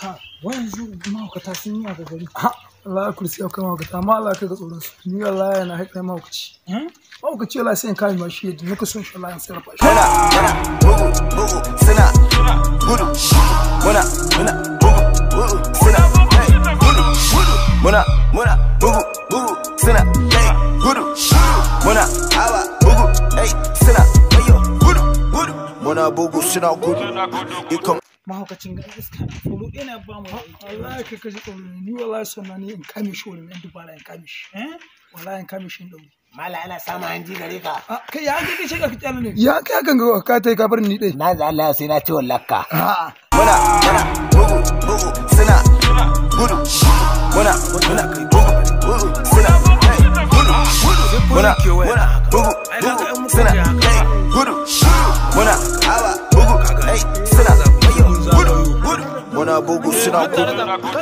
ka yanzu mahaukata sun yi a gari ha Allah kursi ya kai mahaukata ma Allah kai ga tsoron su ni Allah yana haƙa hmm? mahaukaci mahaukaci Allah sai in kame ma shi yadda nika son shi Allah ya sarrafa shi muna muna bugu bugu suna gudu muna muna bugu bugu suna gudu muna muna bugu bugu suna gudu muna awa bugu suna gudu muna bugu suna gudu ikon mahaukacin ga iska tsoro ɗaya na ba mu wallahi kai kaji tsoro ni wallahi sanna ne in kame shi wani ɗan dubara in kame shi eh wallahi in kame shi in ɗauri mala ala sama an ji gare ka ah, kai ya hanji kai shiga fitar ne ya kai kan ga ka tai ka bar ni dai na da Allah sai na ci wallaka ah. muna muna bugu bugu suna gudu muna muna bugu bugu suna gudu muna muna bugu bugu suna Sinan Bugu Sinan Kudu